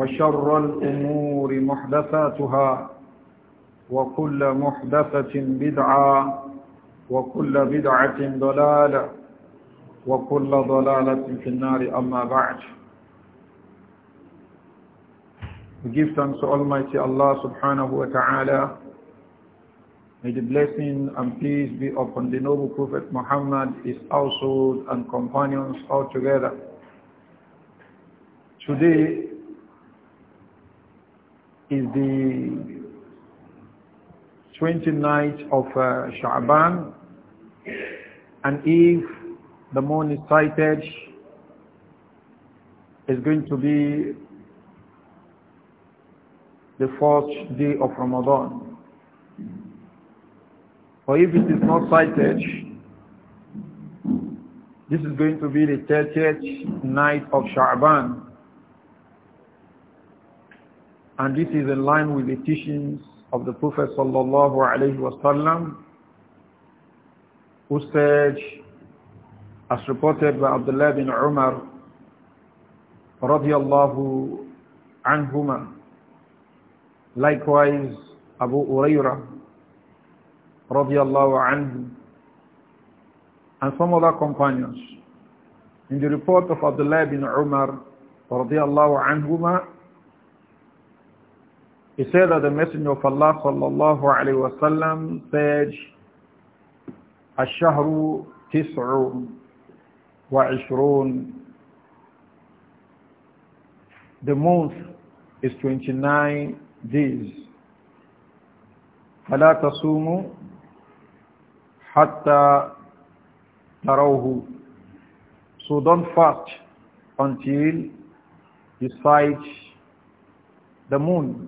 وشر الأمور محدثاتها وكل محدثة بدعة وكل بدعة ضلالة وكل ضلالة في النار أما بعد We give thanks to Almighty Allah subhanahu wa ta'ala. May the blessing and peace be upon the noble Prophet Muhammad, his household and companions all together. Today is the 29th of uh, Sha'ban and if the moon is sighted it's going to be the fourth day of Ramadan. Or if it is not sighted, this is going to be the 30th night of Sha'ban. And this is in line with the teachings of the Prophet sallallahu alaihi wasallam who said, as reported by Abdullah bin Umar radiallahu anhuma, likewise Abu Uraira radiallahu anhu, and some other companions. In the report of Abdullah bin Umar radiallahu anhuma, he said that the Messenger of Allah sallallahu alayhi wa sallam said, الشهر wa وعشرون The month is 29 days. فلا تصوموا حتى تروه So don't fast until you sight the moon.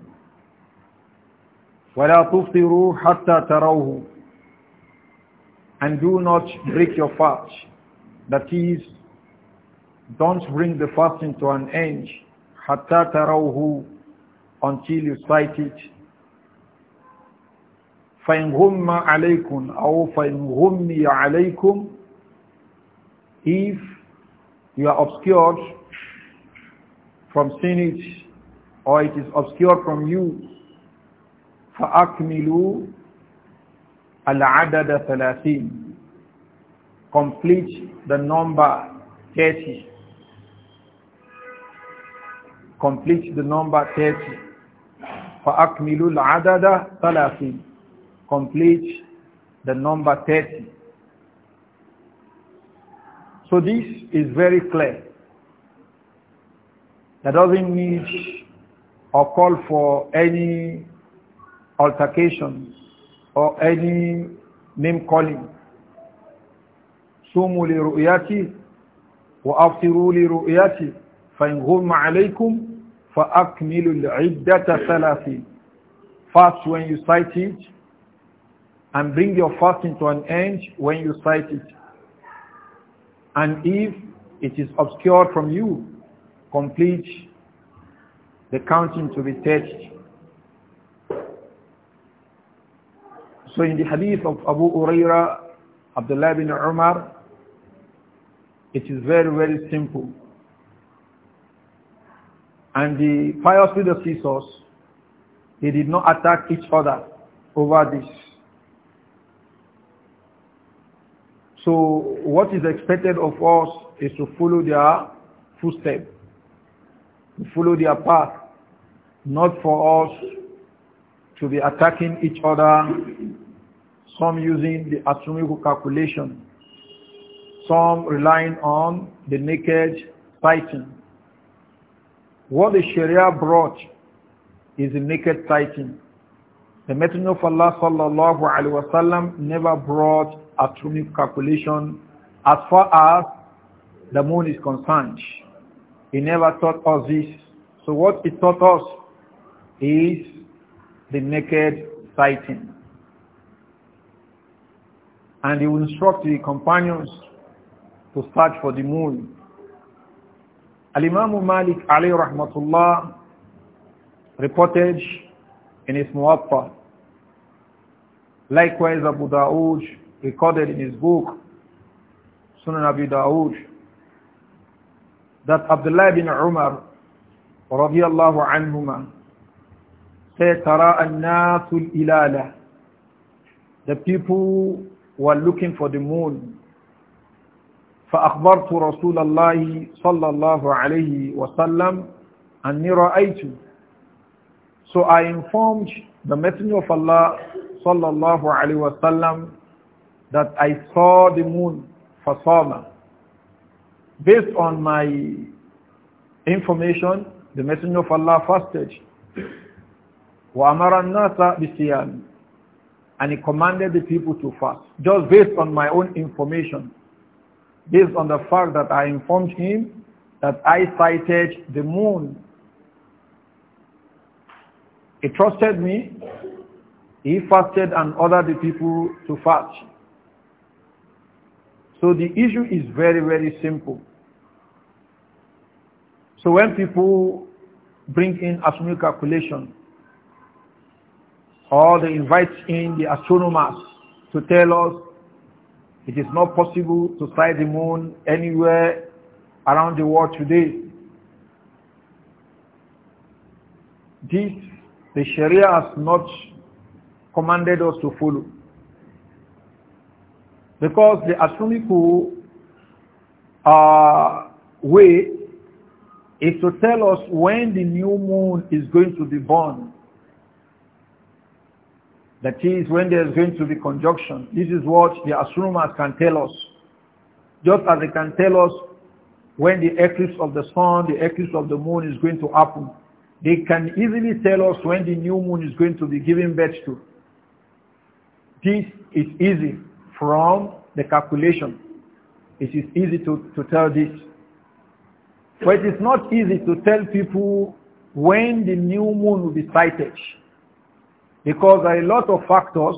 وَلَا تُفْطِرُوا حَتَّى تَرَوْهُ And do not break your fast. That is, don't bring the fasting to an end. حَتَّى تَرَوْهُ Until you sight it. فَإِنْ غُمَّ عَلَيْكُمْ أو فَإِنْ غُمِّيَ عَلَيْكُمْ If you are obscured from seeing it, or it is obscured from you, فَأَكْمِلُوا الْعَدَدَ ثَلَاثِينَ Complete the number 30. Complete the number 30. فَأَكْمِلُوا الْعَدَدَ ثَلَاثِينَ Complete the number 30. So this is very clear. That doesn't need or call for any altercation or any name calling. صوموا لرؤيتي وأفطروا لرؤيتي فإن غم عليكم فأكملوا العدة ثلاثين. Fast when you sight it and bring your fasting to an end when you sight it. And if it is obscured from you, complete the counting to be 30. So in the hadith of Abu Uraira, Abdullah bin Umar, it is very, very simple. And the pious predecessors, they did not attack each other over this. So what is expected of us is to follow their footsteps, to follow their path, not for us to be attacking each other some using the astronomical calculation, some relying on the naked sighting. What the Sharia brought is the naked sighting. The Messenger of Allah sallallahu wa sallam never brought astronomical calculation as far as the moon is concerned. He never taught us this. So what he taught us is the naked sighting and he will instruct the companions to search for the moon. Al-Imam Malik alayhi rahmatullah reported in his Muwatta. Likewise Abu daud recorded in his book Sunan Abu daud that Abdullah bin Umar radiyallahu anhuma said, Tara an ilala." The people were looking for the moon. فأخبرت رسول الله صلى الله عليه وسلم أني رأيت So I informed the Messenger of Allah صلى الله عليه وسلم that I saw the moon فصام Based on my information, the Messenger of Allah fasted. وأمر الناس بصيام and he commanded the people to fast. Just based on my own information, based on the fact that I informed him that I sighted the moon. He trusted me. He fasted and ordered the people to fast. So the issue is very, very simple. So when people bring in astronomical calculation, or they invite in the astronomers to tell us it is not possible to sight the moon anywhere around the world today. This, the Sharia has not commanded us to follow. Because the astronomical uh, way is to tell us when the new moon is going to be born that is when there is going to be conjunction. This is what the astronomers can tell us. Just as they can tell us when the eclipse of the sun, the eclipse of the moon is going to happen. They can easily tell us when the new moon is going to be given birth to. This is easy from the calculation. It is easy to, to tell this. But it is not easy to tell people when the new moon will be sighted. Because there are a lot of factors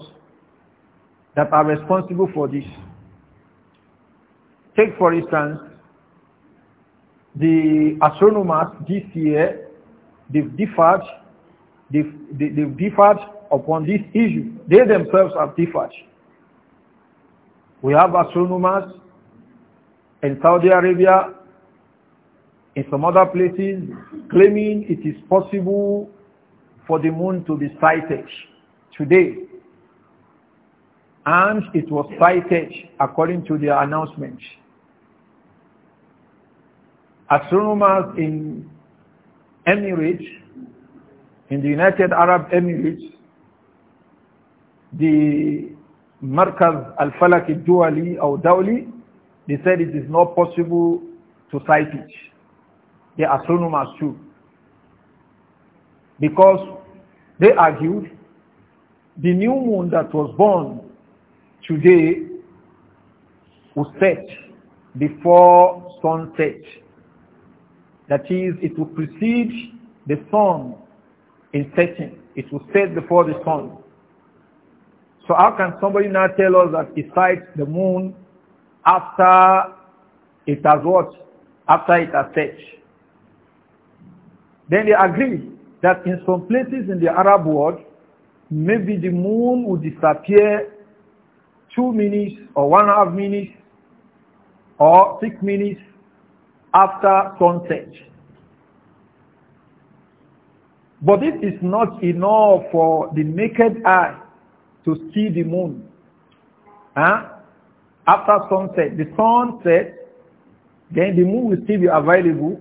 that are responsible for this. Take for instance, the astronomers this year, they've differed, they've, they, have differed they have they have differed upon this issue. They themselves have differed. We have astronomers in Saudi Arabia, in some other places, claiming it is possible for the moon to be sighted today. And it was sighted according to the announcement. Astronomers in Emirates, in the United Arab Emirates, the Markaz Al-Falak al or Dawli, they said it is not possible to sight it. The astronomers too. Because they argued the new moon that was born today will set before sunset. That is, it will precede the sun in setting. It will set before the sun. So how can somebody now tell us that it sights the moon after it has what? After it has set. Then they agree that in some places in the Arab world, maybe the moon will disappear two minutes or one and a half minutes or six minutes after sunset. But it is not enough for the naked eye to see the moon. Huh? After sunset, the sun sets, then the moon will still be available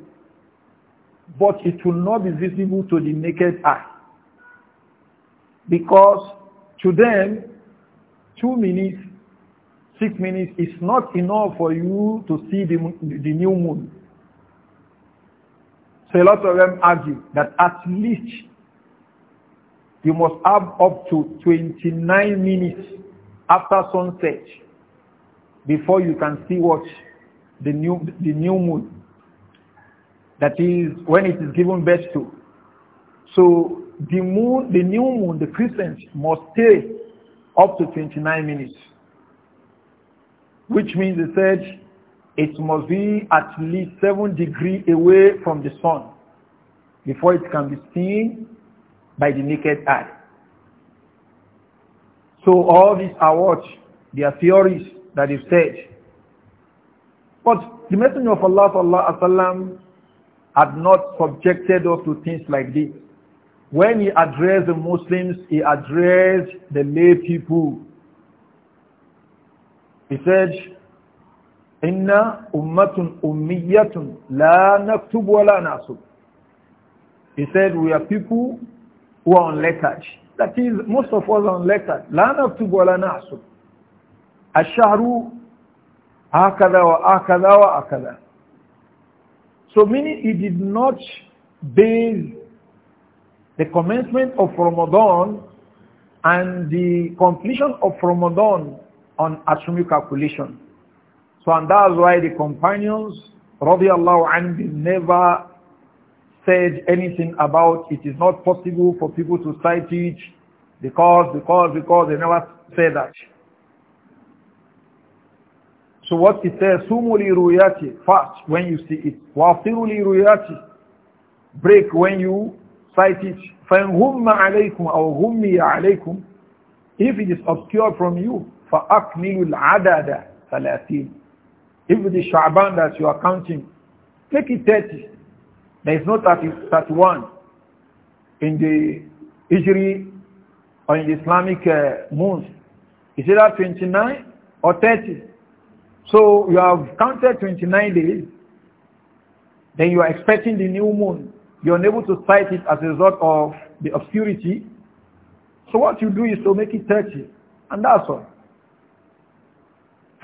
but it will not be visible to the naked eye. Because to them, two minutes, six minutes is not enough for you to see the, the new moon. So a lot of them argue that at least you must have up to 29 minutes after sunset before you can see what the new the new moon that is when it is given birth to. So the moon, the new moon, the crescent must stay up to 29 minutes. Which means they said it must be at least 7 degrees away from the sun before it can be seen by the naked eye. So all these are what? They are theories that is said. But the Messenger of Allah Allah, alaihi wasallam had not subjected us to things like this. When he addressed the Muslims, he addressed the lay people. He said, Inna ummatun ummiyatun la naktub wa la He said, we are people who are unlettered. That is, most of us are unlettered. La naktub wa la nasub. Ash-shahru wa hakada wa hakada. So meaning he did not base the commencement of Ramadan and the completion of Ramadan on astronomical calculation. So and that's why the companions, radiallahu anhu, never said anything about it is not possible for people to cite it because, because, because they never said that. So what it says, sumu li ruyati, fast when you see it. Wafiru li ruyati, break when you sight it. humma عَلَيْكُمْ أَوْ غُمِّيَ عَلَيْكُمْ If it is obscured from you, فَأَكْمِلُ adada ثَلَاثِينَ If it is Sha'ban that you are counting, take it 30. There is no 30, 31 in the Hijri or in the Islamic uh, month. Is it 29 or 30? So you have counted 29 days, then you are expecting the new moon. You're unable to sight it as a result of the obscurity. So what you do is to make it 30, and that's all.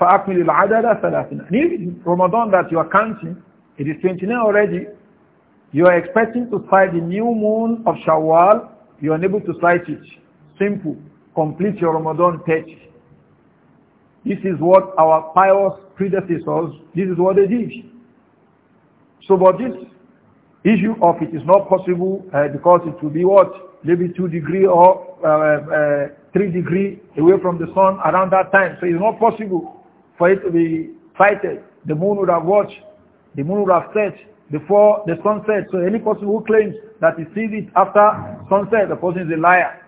فَأَكْمِلِ الْعَدَدَ ثَلَاثِنَا And if Ramadan that you are counting, it is 29 already, you are expecting to sight the new moon of Shawwal, you are unable to sight it. Simple. Complete your Ramadan 30. This is what our pious predecessors, this is what they did. So but this issue of it is not possible uh, because it will be what? Maybe two degree or uh, uh, uh three degree away from the sun around that time. So it's not possible for it to be sighted. The moon would have watched. The moon would have set before the sunset. So any person who claims that he sees it after sunset, the person is a liar.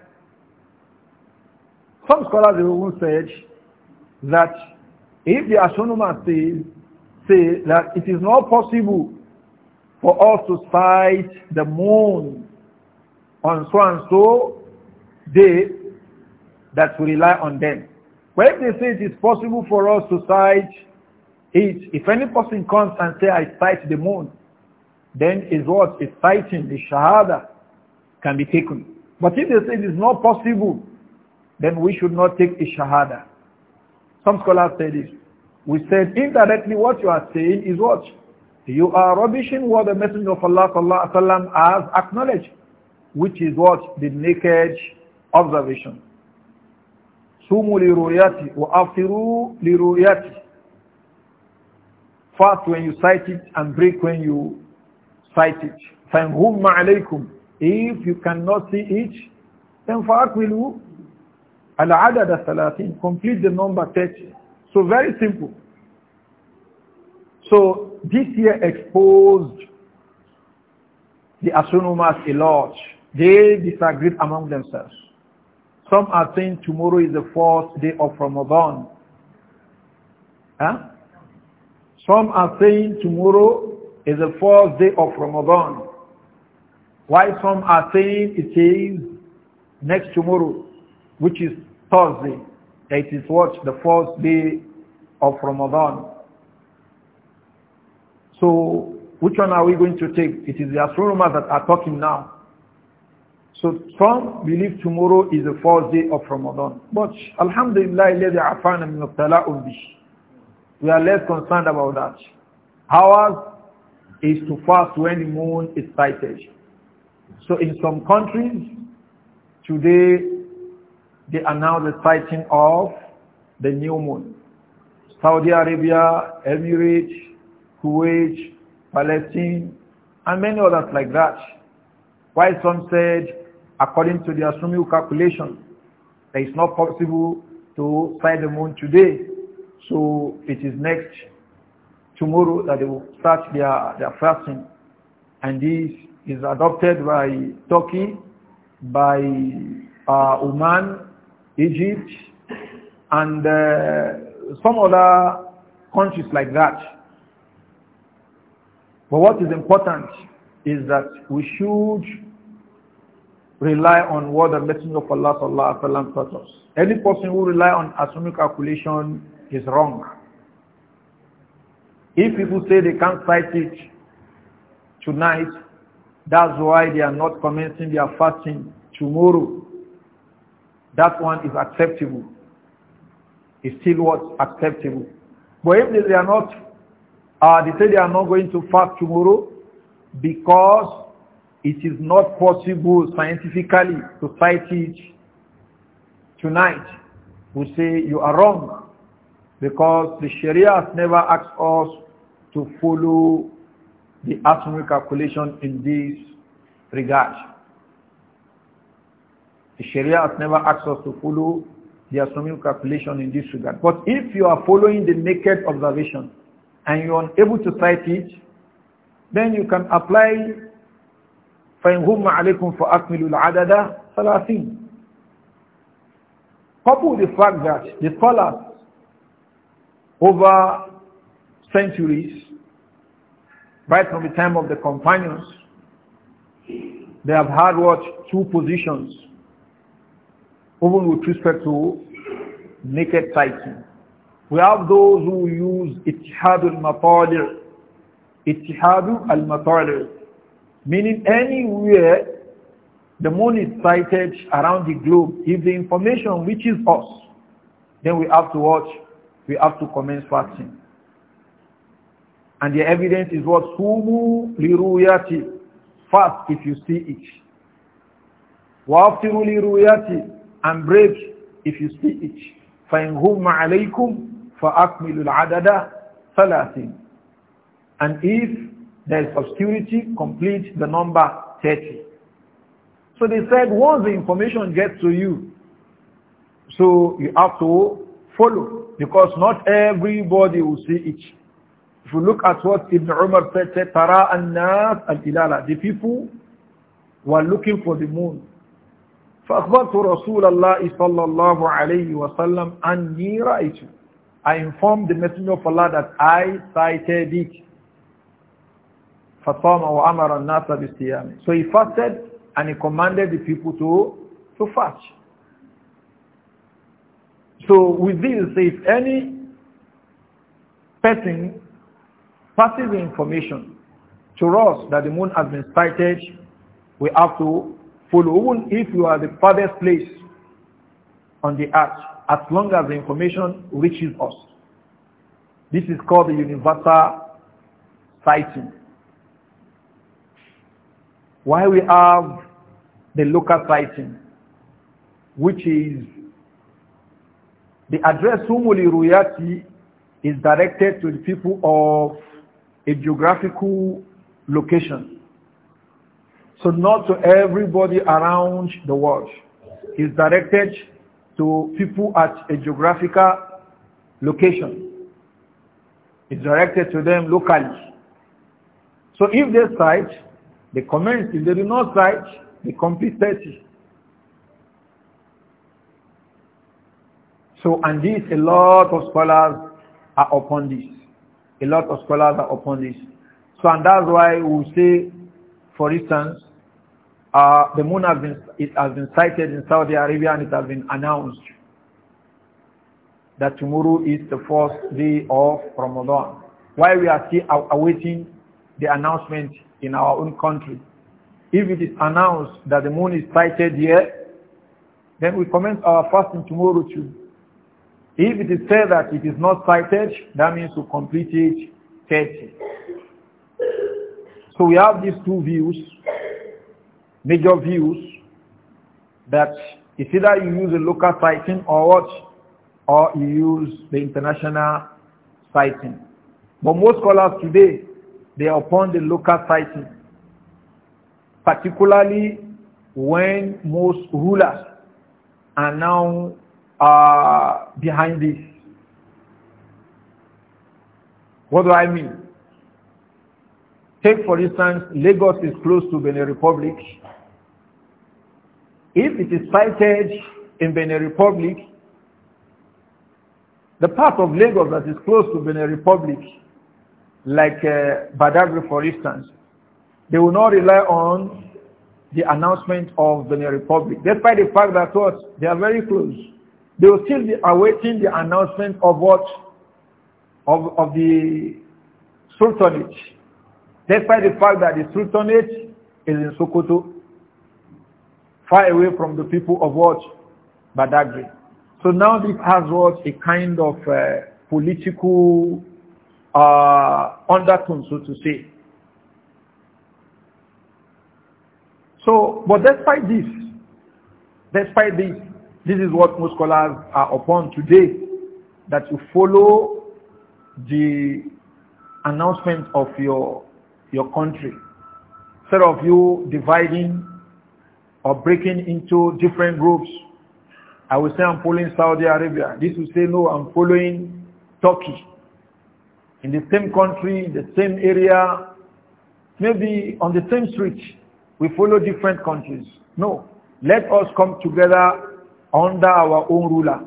Some scholars even said that if the astronomers says say that it is not possible for us to sight the moon on so and so day, that we rely on them. But if they say it is possible for us to sight it, if any person comes and say, I sight the moon, then is what is sighting, the shahada can be taken. But if they say it is not possible, then we should not take the shahada. Some scholars say this. We said indirectly what you are saying is what? You are rubbishing what the Messenger of Allah sallallahu has acknowledged, which is what? The naked observation. Sumu li ru'yati wa afiru li ru'yati. Fast when you cite it and break when you cite it. فَإِنْهُمَّ عَلَيْكُمْ If you cannot see it, then فَأَكْمِلُوا Al-adad al-thalathin, complete the number 30. So very simple. So this year exposed the astronomers a lot. They disagreed among themselves. Some are saying tomorrow is the fourth day of Ramadan. Huh? Some are saying tomorrow is the fourth day of Ramadan. Why some are saying it is next tomorrow which is Thursday. It is what? The fourth day of Ramadan. So which one are we going to take? It is the astronomers that are talking now. So some believe tomorrow is the fourth day of Ramadan. But Alhamdulillah, we are less concerned about that. Ours is to fast when the moon is sighted. So in some countries, today they announced the sighting of the new moon. Saudi Arabia, Emirates, Kuwait, Palestine, and many others like that. Why some said, according to the astronomical calculation, that it's not possible to sight the moon today, so it is next tomorrow that they will start their, their fasting. And this is adopted by Turkey, by uh, Oman, Egypt, and uh, some other countries like that. But what is important is that we should rely on what the Messenger of Allah taught us. Any person who rely on astronomical calculation is wrong. If people say they can't fast it tonight, that's why they are not commencing their fasting tomorrow that one is acceptable. It's still what? Acceptable. But if they are not, uh, they say they are not going to fast tomorrow because it is not possible scientifically to fight it tonight. We say you are wrong because the Sharia has never asked us to follow the atomic calculation in this regard. The Sharia has never asked us to follow the astronomical calculation in this regard. But if you are following the naked observation and you are unable to cite it, then you can apply فَإِنْ هُمَّ عَلَيْكُمْ فَأَكْمِلُوا الْعَدَدَ ثَلَاثِينَ Couple the fact that the scholars over centuries, right from the time of the companions, they have had what? Two positions even with respect to naked sighting. We have those who use ittihad al-matali' ittihad al-matali' meaning anywhere the moon is sighted around the globe, if the information reaches us, then we have to watch, we have to commence fasting. And the evidence is what? Sumu liruyati. Fast if you see it. Waftiru liruyati and break if you see it. فَإِنْ هُمَّ عَلَيْكُمْ فَأَكْمِلُ الْعَدَدَ ثَلَاثٍ And if there is obscurity, complete the number 30. So they said once the information gets to you, so you have to follow because not everybody will see it. If you look at what Ibn Umar said, Tara al-Nas al-Ilala, the people were looking for the moon فأخبرت رسول الله صلى الله عليه وسلم أني رأيت I informed the messenger of Allah that I sighted it فصام وأمر الناس بالصيام So he fasted and he commanded the people to, to fast. So with this, if any person passes the information to us that the moon has been sighted, we have to even if you are the farthest place on the earth, as long as the information reaches us. This is called the universal sighting. Why we have the local sighting, which is the address Humuli Ruyati is directed to the people of a geographical location. So not to everybody around the world. It's directed to people at a geographical location. It's directed to them locally. So if they cite, they comment. If they do not cite, they complete 30. So, and this, a lot of scholars are upon this. A lot of scholars are upon this. So, and that's why we say, for instance, uh, the moon has been, it has been sighted in Saudi Arabia and it has been announced that tomorrow is the first day of Ramadan. While we are still awaiting the announcement in our own country, if it is announced that the moon is sighted here, then we commence our fasting tomorrow too. If it is said that it is not sighted, that means we complete it 30. So we have these two views major views that it's either you use a local sighting or what, or you use the international sighting. But most scholars today, they are upon the local sighting, particularly when most rulers are now uh, behind this. What do I mean? Take, for instance, Lagos is close to Benin Republic. If it is cited in Benin Republic, the part of Lagos that is close to Benin Republic, like uh, Badagry, for instance, they will not rely on the announcement of Benin Republic, despite the fact that what, they are very close. They will still be awaiting the announcement of what? Of, of the Sultanate Despite the fact that the sultanate is in Sokoto, far away from the people of what? Badagry. So now this has what? A kind of uh, political uh, undertone, so to say. So, but despite this, despite this, this is what most scholars are upon today, that you follow the announcement of your your country. Instead of you dividing or breaking into different groups, I will say I'm following Saudi Arabia. This will say, no, I'm following Turkey. In the same country, the same area, maybe on the same street, we follow different countries. No, let us come together under our own ruler.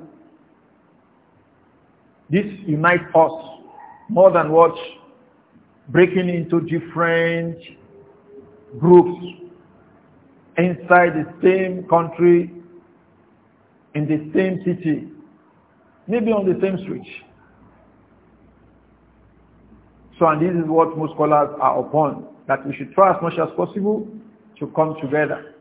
This unites us more than what breaking into different groups inside the same country, in the same city, maybe on the same street. So, and this is what most scholars are upon, that we should try as much as possible to come together.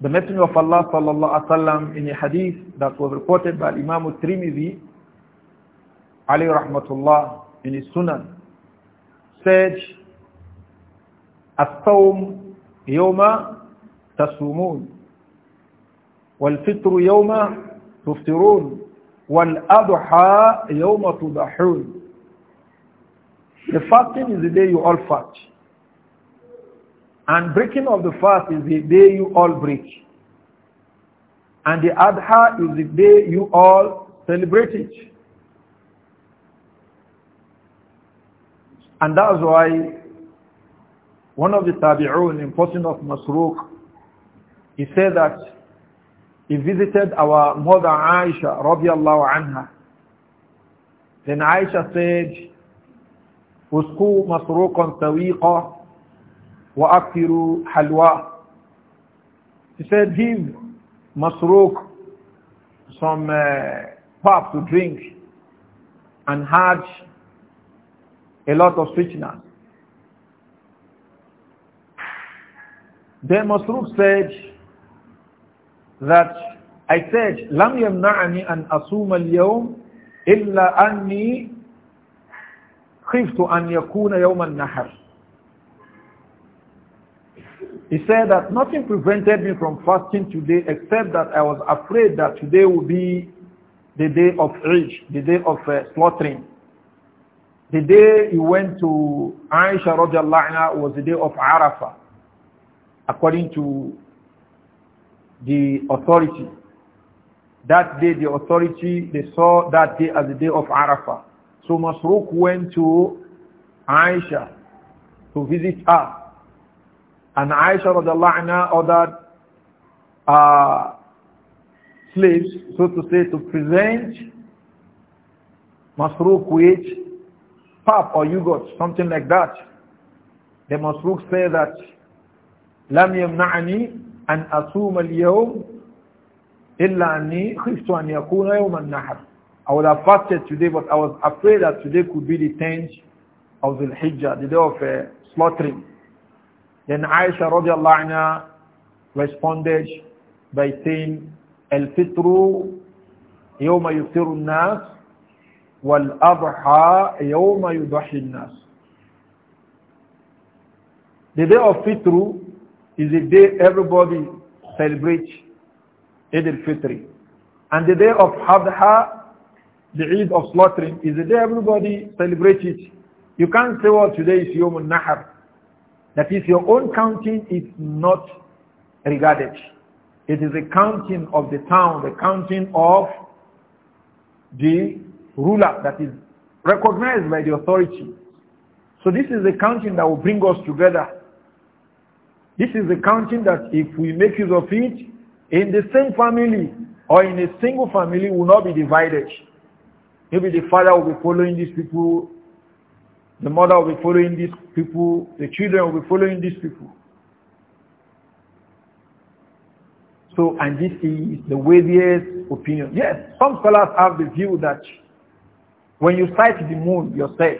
The Messenger of Allah sallallahu alaihi wasallam in a hadith that was reported by Imam al-Tirmidhi Ali rahmatullah in his Sunan said, الصوم يوم تصومون والفطر يوم wal والأضحى يوم تضحون The fasting is the day you all fast. And breaking of the fast is the day you all break. And the Adha is the day you all celebrate it. And that's why one of the tabi'un in person of Masruq, he said that he visited our mother Aisha radiallahu anha. Then Aisha said, اسقوا مسروقا wa وأكثروا halwa." He said, give Masruq some uh, pop to drink and have a lot of fitna. Then Masruq said that I said, لم يمنعني أن أصوم اليوم إلا أني خفت أن يكون يوم nahar He said that nothing prevented me from fasting today except that I was afraid that today would be the day of Eid, the day of uh, slaughtering. The day he went to Aisha radiallahu anha was the day of Arafah, according to the authority. That day the authority, they saw that day as the day of Arafah. So Masruq went to Aisha to visit her. And Aisha radiallahu anha ordered uh, slaves, so to say, to present Masruq with pap or yogurt, something like that. The Masruq say that, لم يمنعني أن أصوم اليوم إلا أني خفت أن يكون يوم النحر. I would have fasted today, but I was afraid that today could be the 10th of the Hijjah, the day of uh, slaughtering. Then Aisha radiallahu anha responded by saying, الفطر يوم يفطر الناس وَالْأَضْحَى يَوْمَ يُضَحِي النَّاسِ The day of Fitr is a day everybody celebrates Eid al-Fitr. And the day of Hadha, the Eid of slaughtering, is a day everybody celebrates it. You can't say, well, today is Yom al-Nahar. That is, your own counting is not regarded. It is the counting of the town, the counting of the ruler that is recognized by the authority. So this is the counting that will bring us together. This is the counting that if we make use of it, in the same family or in a single family will not be divided. Maybe the father will be following these people, the mother will be following these people, the children will be following these people. So, and this is the weightiest opinion. Yes, some scholars have the view that when you sight the moon yourself,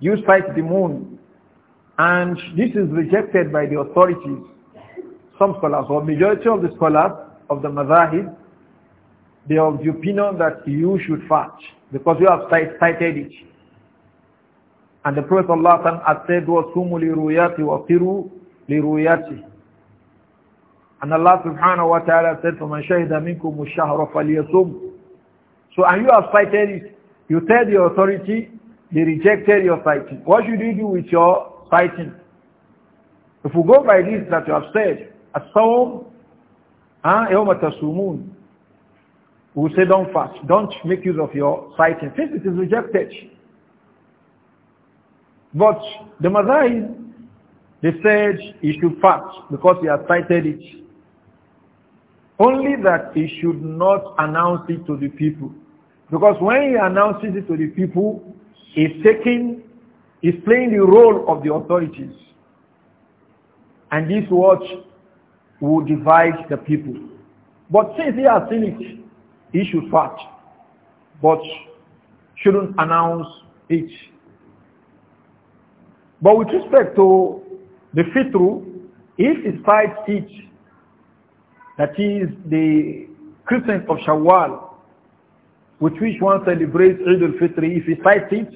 you sight the moon. And this is rejected by the authorities, some scholars, or majority of the scholars of the Mazahid, they have the opinion that you should fast because you have cited it. And the Prophet Allah had said, وَصُومُ لِرُوْيَاتِ وَقِرُوا لِرُوْيَاتِ And Allah subhanahu wa ta'ala said, فَمَنْ شَهِدَ مِنْكُمُ الشَّهْرَ فَلْيَصُمْ So, and you have cited it. You tell the authority, they rejected your fighting. What should you do with your fighting? If we go by this that you have said, as-sawm, yawma tasumun, we say don't fast, don't make use of your fighting, since it is rejected. But the Mazai, they said he should fast because he has cited it. Only that he should not announce it to the people. Because when he announces it to the people, he's taking, he's playing the role of the authorities. And this watch will divide the people. But since he has seen it, he should watch, but shouldn't announce it. But with respect to the fitru, if it's fights it, that is the crescent of Shawwal, with which one celebrates Eid al-Fitr if he cites it?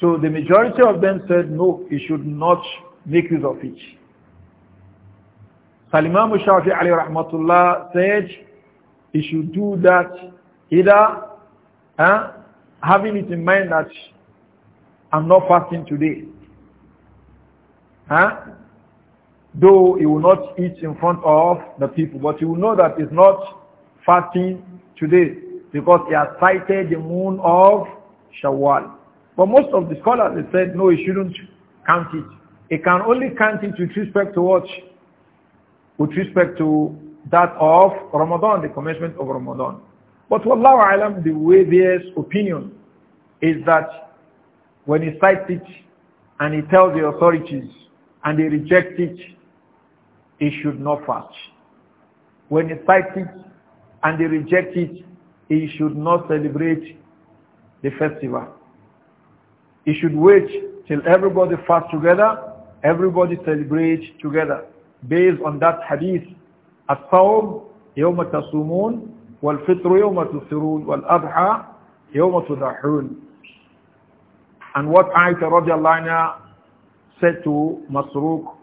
So the majority of them said, no, he should not make use of it. Salimam Shafi Ali Rahmatullah said, he should do that either huh, having it in mind that I'm not fasting today. Huh? Though he will not eat in front of the people, but he will know that it's not fasting today because he has cited the moon of Shawwal. But most of the scholars they said, no, he shouldn't count it. He can only count it with respect to what? With respect to that of Ramadan, the commencement of Ramadan. But Wallahu Alam, the way there's opinion is that when he cites it and he tells the authorities and they reject it, he should not fast. When he cites it and they reject it, he should not celebrate the festival. He should wait till everybody fast together, everybody celebrate together. Based on that hadith, الصوم يوم تصومون والفطر يوم تفطرون والأضحى يوم تضحون. And what Aisha radiallahu anha said to Masruq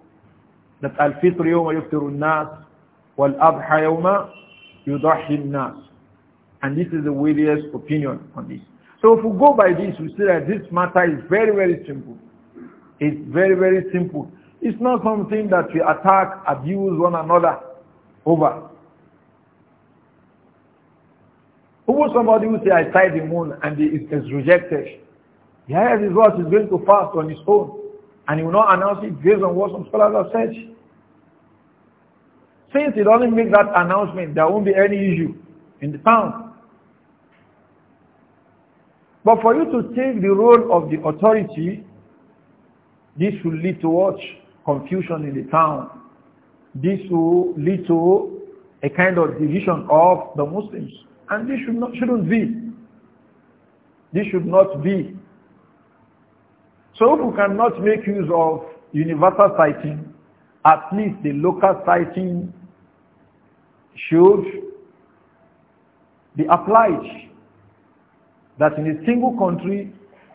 that al-fitr yawma yuftiru nas wal-adha yawma yudahhi nas and this is the weightiest opinion on this. So if we go by this, we see that this matter is very, very simple. It's very, very simple. It's not something that we attack, abuse one another over. Who somebody who say, I tie the moon and it is rejected? Yeah, his what is going to fast on his own. And he will not announce it based on what some scholars have said. Since he doesn't make that announcement, there won't be any issue in the town. But for you to take the role of the authority, this will lead to what? Confusion in the town. This will lead to a kind of division of the Muslims. And this should not, shouldn't be. This should not be. So if we cannot make use of universal citing, at least the local citing should be applied that in a single country,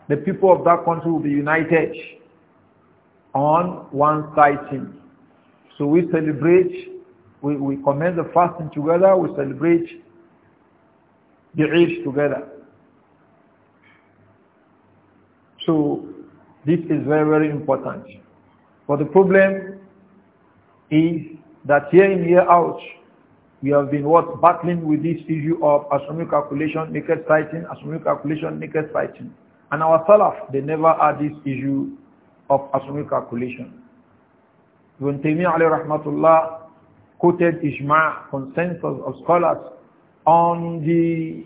the people of that country will be united on one fighting. So we celebrate, we, we commence the fasting together, we celebrate the Eid together. So this is very, very important. But the problem is that year in, year out, we have been what battling with this issue of astronomical calculation, naked sighting, astronomical calculation, naked sighting. And our Salaf, they never had this issue of astronomical calculation. Ibn Taymiyyah alayhi rahmatullah quoted Ijma' consensus of scholars on the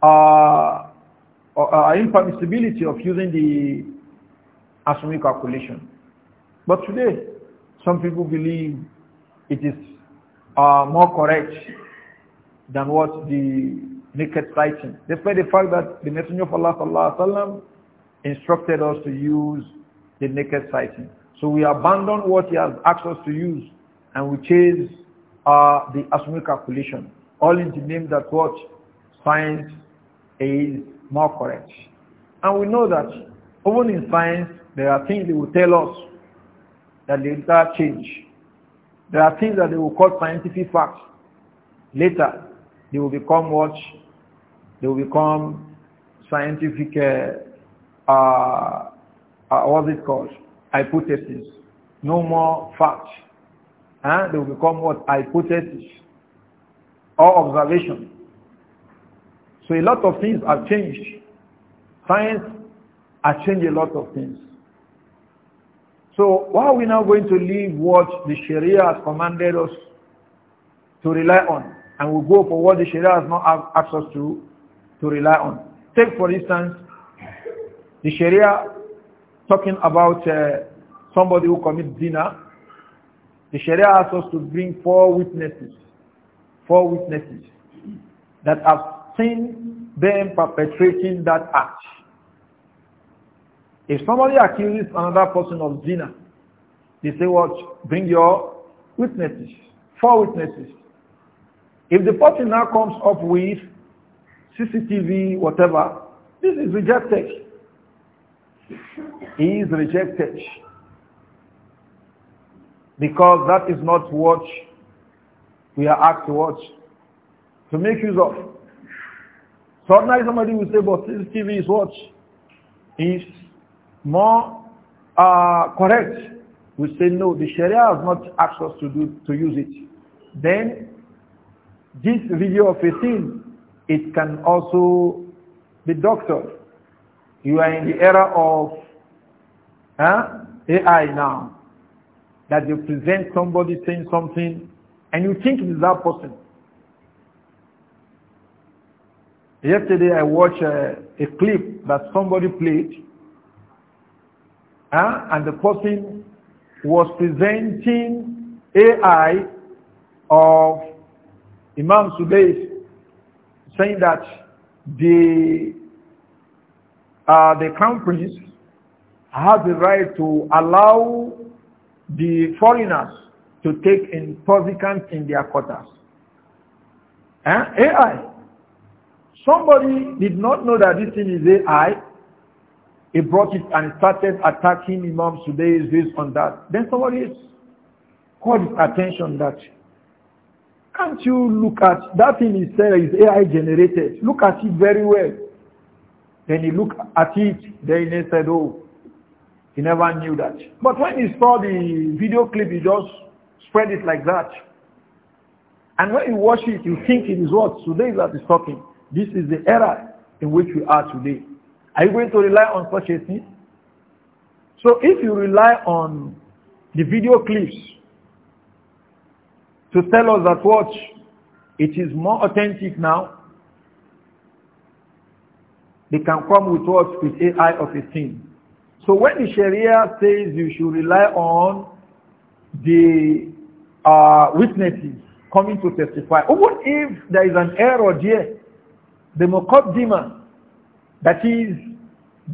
uh, uh, uh impermissibility of using the astronomical calculation. But today, some people believe it is are more correct than what the naked sighting. Despite the fact that the Messenger of Allah sallallahu alaihi wasallam instructed us to use the naked sighting. So we abandon what he has asked us to use and we chase uh, the astronomical calculation. All in the name that what science is more correct. And we know that even in science, there are things that will tell us that later change. There are things that they will call scientific facts. Later, they will become what? They will become scientific, uh, uh, uh what's it called? Hypothesis. No more facts. Huh? They will become what? Hypothesis. Or observation. So a lot of things have changed. Science has changed a lot of things. So why are we now going to leave what the Sharia has commanded us to rely on and we will go for what the Sharia has not have access to to rely on? Take for instance, the Sharia talking about uh, somebody who commits zina. The Sharia asks us to bring four witnesses, four witnesses that have seen them perpetrating that act. If somebody accuses another person of dinner, they say "Watch, Bring your witnesses, four witnesses. If the person now comes up with CCTV, whatever, this is rejected. He is rejected. Because that is not what we are asked to watch, to make use of. So now somebody will say, but CCTV is what? Is more uh, correct, we say no, the Sharia has not asked us to, do, to use it. Then this video of a thing, it can also be doctored. You are in the era of huh, AI now, that you present somebody saying something and you think it is that person. Yesterday I watched a, uh, a clip that somebody played and the person was presenting AI of Imam Subayt saying that the uh, the crown prince has the right to allow the foreigners to take in positions in their quarters. AI. Somebody did not know that this thing is AI he brought it and started attacking Imams today is this on that. Then somebody called his attention that can't you look at that thing he said is AI generated. Look at it very well. Then he looked at it, then he said, Oh, he never knew that. But when he saw the video clip, he just spread it like that. And when you watch it, you think it is what? Today that is talking. This is the era in which we are today. Are you going to rely on such a thing? So if you rely on the video clips to tell us that watch, it is more authentic now, they can come with what? With AI of a thing. So when the Sharia says you should rely on the uh, witnesses coming to testify, even if there is an error there, the muqaddimah That is,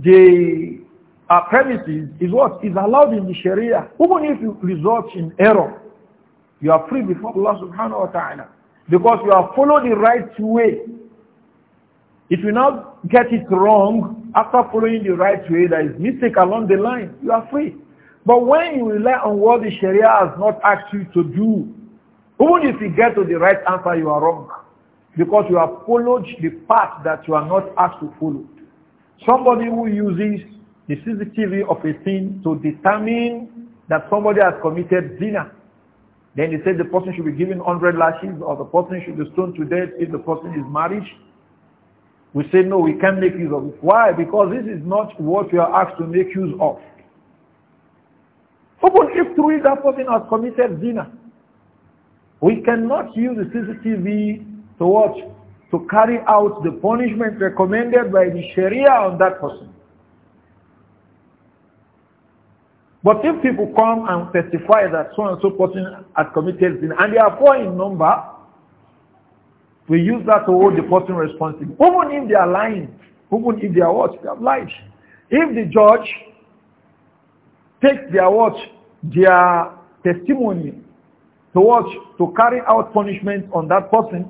the uh, premises is what is allowed in the Sharia. Even if you result in error, you are free before Allah subhanahu wa ta'ala. Because you have followed the right way. If you now get it wrong, after following the right way, there is mistake along the line. You are free. But when you rely on what the Sharia has not asked you to do, even if you get to the right answer, you are wrong. Because you have followed the path that you are not asked to follow. Somebody who uses the CCTV of a thing to determine that somebody has committed zina. Then he said the person should be given 100 lashes or the person should be stoned to death if the person is married. We say, no, we can't make use of it. Why? Because this is not what we are asked to make use of. Even if through that person has committed zina, we cannot use the CCTV to watch To carry out the punishment recommended by the Sharia on that person. But if people come and testify that so and so person has committed sin and they are four in number, we use that to hold the person responsible. Even if they are lying, even if they are what? They have lied. If the judge takes their watch, Their testimony to watch To carry out punishment on that person,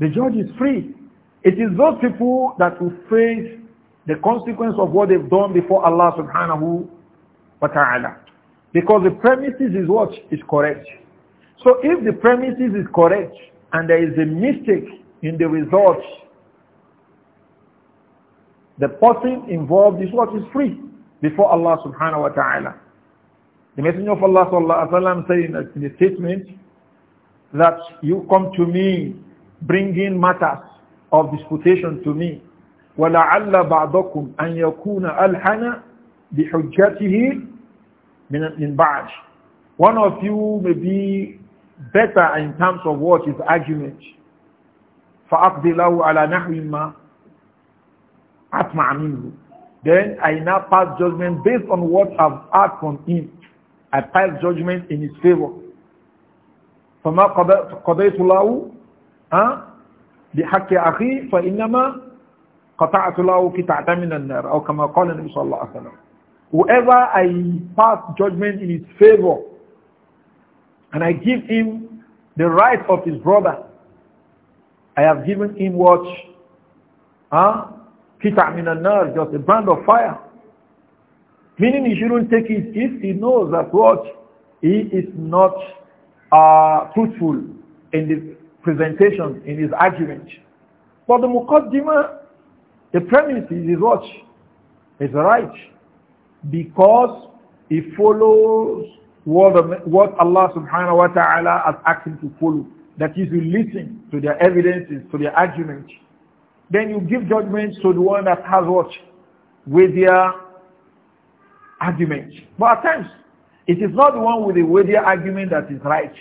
the judge is free. It is those people that will face the consequence of what they've done before Allah subhanahu wa ta'ala. Because the premises is what is correct. So if the premises is correct and there is a mistake in the result, the person involved is what is free before Allah subhanahu wa ta'ala. The Messenger of Allah Subhanahu Wa Taala is said in the statement that you come to me bringing matters of disputation to me. وَلَعَلَّ بَعْضَكُمْ أَنْ يَكُونَ أَلْحَنَ بِحُجَّتِهِ مِنْ بَعْجِ One of you may be better in terms of what is argument. فَأَقْضِ لَهُ عَلَى نَحْوِ مَا أَسْمَعَ مِنْهُ Then I now pass judgment based on what I've heard from him. I pass judgment in his favor. فَمَا قَضَيْتُ لَهُ بحق أخي فإنما قطعت له قطعة من النار أو كما قال النبي صلى (sallallahu alaihi wasallam) Whoever I pass judgment in his favor and I give him the right of his brother, I have given him what? Huh? Kita min al just a brand of fire. Meaning he shouldn't take it if he knows that what? He is not uh, truthful in the presentation, in his argument. But the Muqaddima, the premise is his watch, is right. Because he follows what, what Allah subhanahu wa ta'ala has asked him to follow. That is, you listen to their evidences, to their arguments. Then you give judgment to the one that has what? With their argument. But at times, it is not the one with the weightier argument that is right.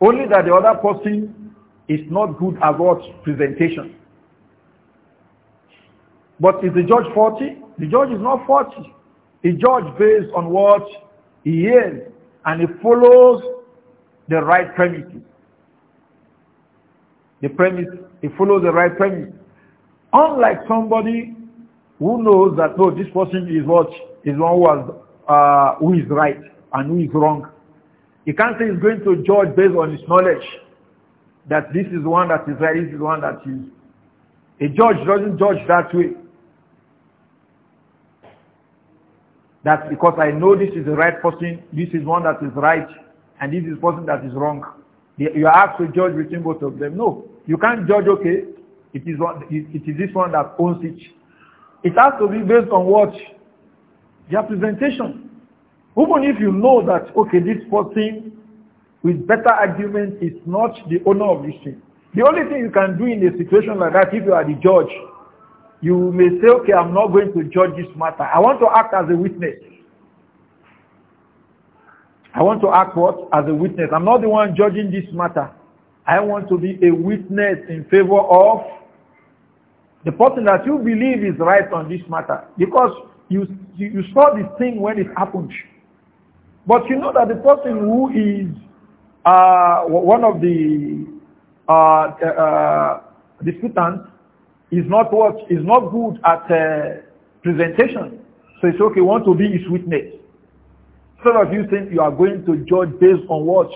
Only that the other person is not good about presentation. But is the judge faulty? The judge is not faulty. A judge based on what he hears and he follows the right premises. The premise, he follows the right premise. Unlike somebody who knows that no, this person is what is one who, has, uh, who is right and who is wrong. He can't say he's going to judge based on his knowledge that this is one that is right, this is one that is. A judge doesn't judge that way. That because I know this is the right person, this is one that is right, and this is person that is wrong. You are asked to judge between both of them. No, you can't judge, okay, it is, one, it is this one that owns it. It has to be based on what? Their presentation. Even if you know that, okay, this person with better argument is not the owner of this thing. The only thing you can do in a situation like that, if you are the judge, you may say, okay, I'm not going to judge this matter. I want to act as a witness. I want to act what? As a witness. I'm not the one judging this matter. I want to be a witness in favor of the person that you believe is right on this matter. Because you, you saw this thing when it happened. But you know that the person who is uh, one of the uh, uh, disputants is not what is not good at uh, presentation. So it's okay. Want to be his witness. Some of you think you are going to judge based on what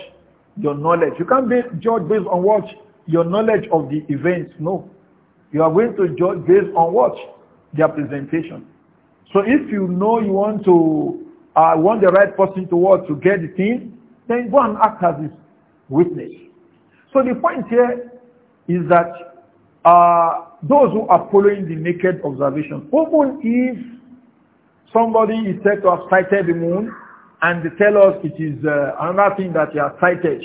your knowledge. You can't be based on what your knowledge of the events. No, you are going to judge based on what their presentation. So if you know you want to I want the right person to work to get the thing, then go and act as his witness. So the point here is that uh, those who are following the naked observation, even if somebody is said to have sighted the moon and they tell us it is uh, another thing that he has sighted,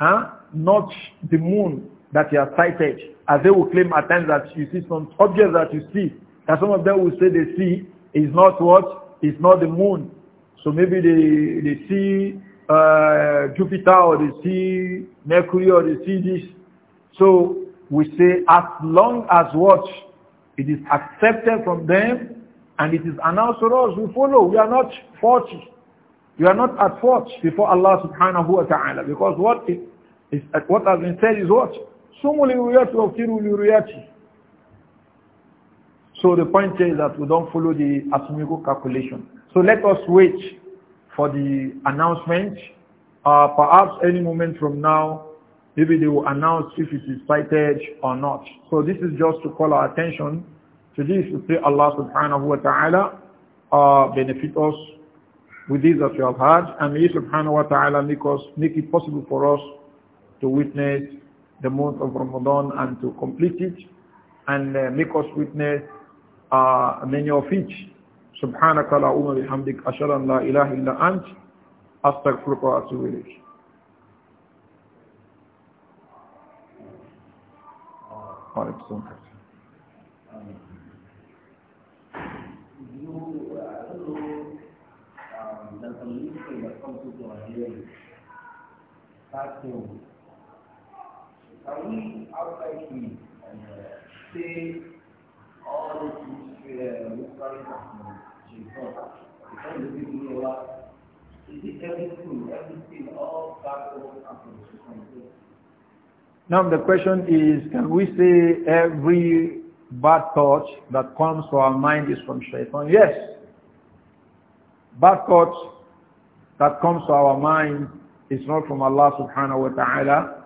huh? not the moon that he has sighted, as they will claim at times that you see some objects that you see, that some of them will say they see is not what? Is not the moon, so maybe they, they see uh, Jupiter or they see Mercury or they see this. So we say as long as what it is accepted from them and it is announced to us, we follow. We are not 40. We are not at fault before Allah subhanahu wa ta'ala because what, it is, what has been said is what? So the point is that we don't follow the astronomical calculation. So let us wait for the announcement. Uh, perhaps any moment from now, maybe they will announce if it is cited or not. So this is just to call our attention to this. We pray Allah subhanahu wa ta'ala uh, benefit us with this that we have heard. And may subhanahu wa ta'ala make, us, make it possible for us to witness the month of Ramadan and to complete it and uh, make us witness uh, many of each. سبحانك لا أم بحمدك أشهد أن لا إله إلا أنت أستغفرك وأتوب إليك وعليكم fasting. Can we outside him and uh, say all the uh, the beginning of life. Is it everything, everything, all Now the question is, can we say every bad thought that comes to our mind is from shaitan? Yes. Bad thoughts that comes to our mind is not from Allah subhanahu wa ta'ala,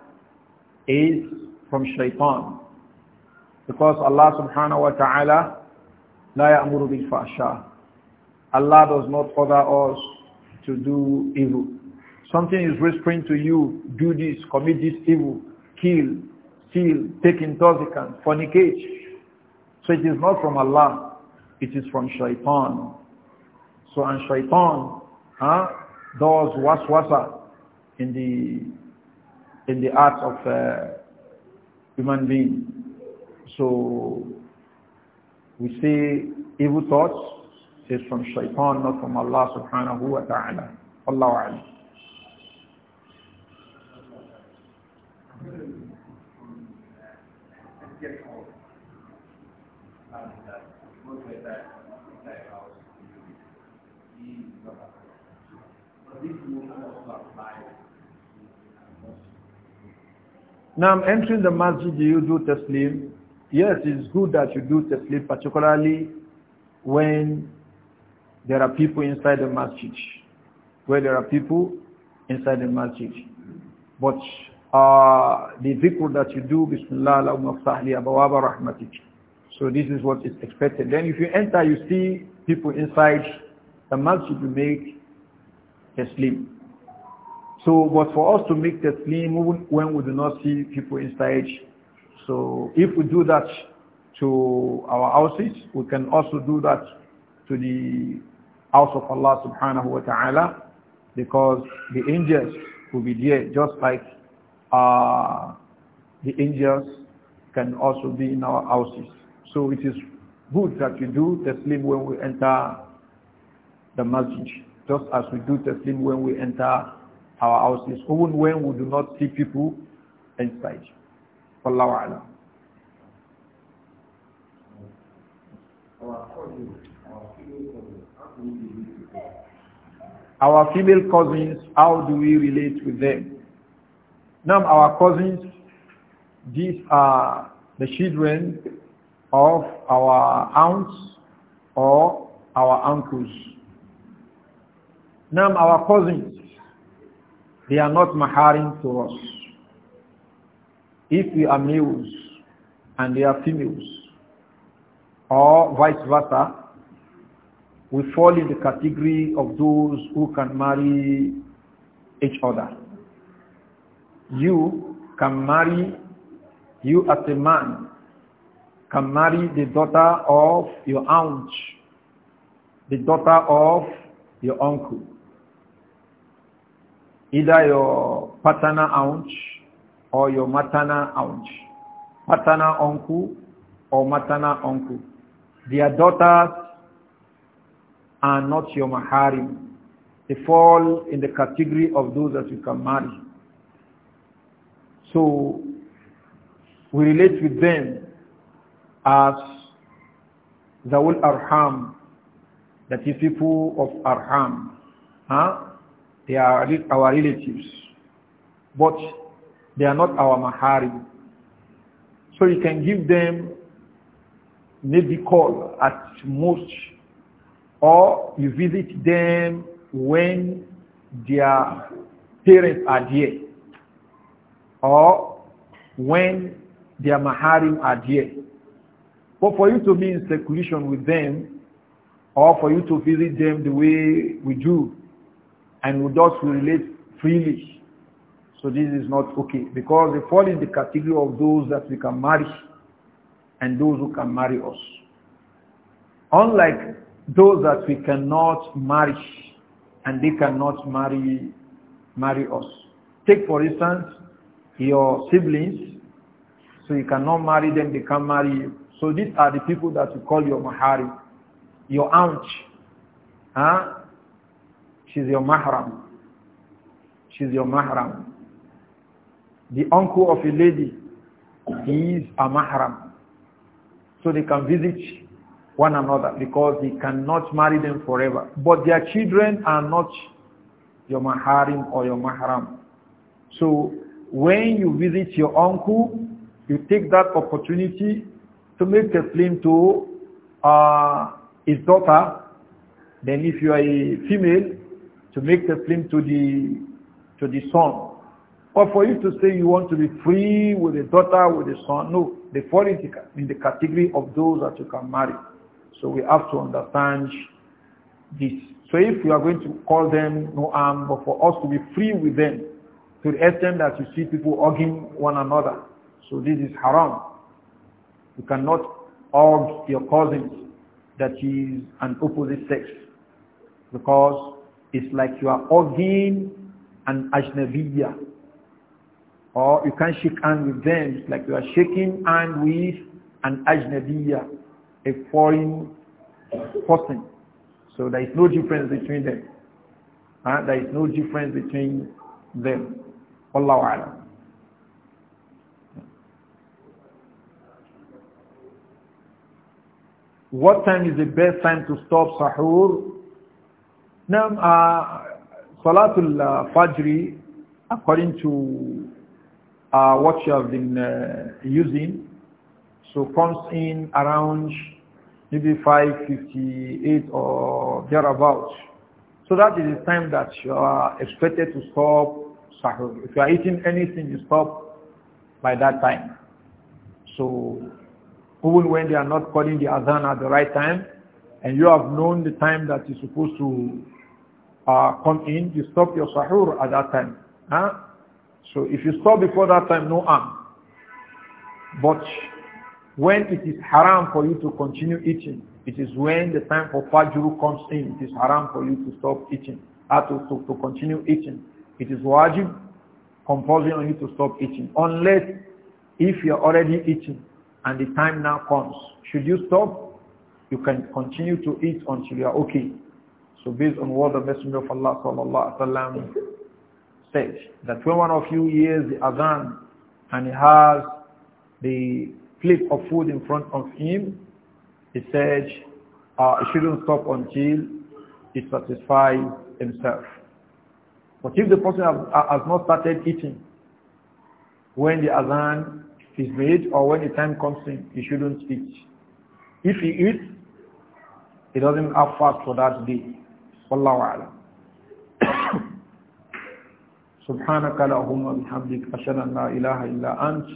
is from shaitan. Because Allah subhanahu wa ta'ala لا يأمر بالفحشاء Allah does not order us to do evil. Something is whispering to you, do this, commit this evil, kill, steal, take intoxicant, fornicate. So it is not from Allah, it is from shaitan. So and shaitan huh, does waswasa in the, in the hearts of uh, human being. So we say evil thoughts, it is from shaitan, not from Allah subhanahu wa ta'ala. Allah alam. Now I'm entering the masjid, do you do taslim? Yes, it's good that you do taslim, particularly when there are people inside the masjid. Where there are people inside the masjid. But uh, the dhikr that you do, Bismillah, Allahumma ftahli abawaba rahmatik. So this is what is expected. Then if you enter, you see people inside the masjid, you make taslim. So, but for us to make taslim when we do not see people inside, so if we do that to our houses, we can also do that to the house of Allah subhanahu wa ta'ala because the angels will be there just like uh, the angels can also be in our houses. So it is good that we do taslim when we enter the masjid, just as we do taslim when we enter our houses, even when we do not see people inside. Wallahu a'lam. Our female cousins, how do we relate with them? Now our cousins, these are the children of our aunts or our uncles. Now our cousins, they are not maharim to us. If we are males and they are females, or vice versa, we fall in the category of those who can marry each other. You can marry, you as a man, can marry the daughter of your aunt, the daughter of your uncle, either your paternal aunt or your maternal aunt, paternal uncle or maternal uncle. Their daughters are not your maharim. They fall in the category of those that you can marry. So we relate with them as Zawul Arham, that is people of Arham. Huh? They are our relatives, but they are not our maharim. So you can give them maybe call at most or you visit them when their parents are there or when their maharim are there. But for you to be in seclusion with them or for you to visit them the way we do and with us we relate freely. So this is not okay because they fall in the category of those that we can marry and those who can marry us. Unlike those that we cannot marry and they cannot marry marry us. Take for instance your siblings, so you cannot marry them, they can marry you. So these are the people that you call your mahari, your aunt. Huh? She's your mahram. She's your mahram. The uncle of a lady, he is a mahram. So they can visit one another because he cannot marry them forever. But their children are not your maharim or your mahram. So when you visit your uncle, you take that opportunity to make a claim to uh, his daughter. Then if you are a female, to make the claim to the, to the son. Or for you to say you want to be free with a daughter, with a son, no, they fall in the, in the category of those that you can marry. So we have to understand this. So if we are going to call them no harm, but for us to be free with them, to the extent that you see people hugging one another, so this is haram. You cannot hug your cousins that is an opposite sex because it's like you are hugging an ajnabiya or you can shake hand with them it's like you are shaking hand with an ajnabiya a foreign person. So there is no difference between them. Uh, there is no difference between them. Allah Alam. What time is the best time to stop sahur? Now, uh, Salatul uh, Fajr, according to uh, what you have been uh, using, so comes in around maybe 558 or thereabouts. So that is the time that you are expected to stop sahur. If you are eating anything, you stop by that time. So even when they are not calling the adhan at the right time, and you have known the time that you're supposed to uh, come in, you stop your sahur at that time. Huh? So if you stop before that time, no harm. But when it is haram for you to continue eating, it is when the time for Fajr comes in, it is haram for you to stop eating, or uh, to, to, to continue eating. It is wajib, compulsory on you to stop eating. Unless if you're already eating and the time now comes, should you stop? You can continue to eat until you're okay. So based on what the Messenger of Allah sallallahu alaihi wasallam said, that when one of you hears the azan and he has the plate of food in front of him, he said, uh, he shouldn't stop until he satisfies himself. But if the person has, has not started eating when the azan is made or when the time comes in, he shouldn't eat. If he eats, he doesn't have fast for that day. Wallahu a'lam. سبحانك اللهم وبحمدك اشهد ان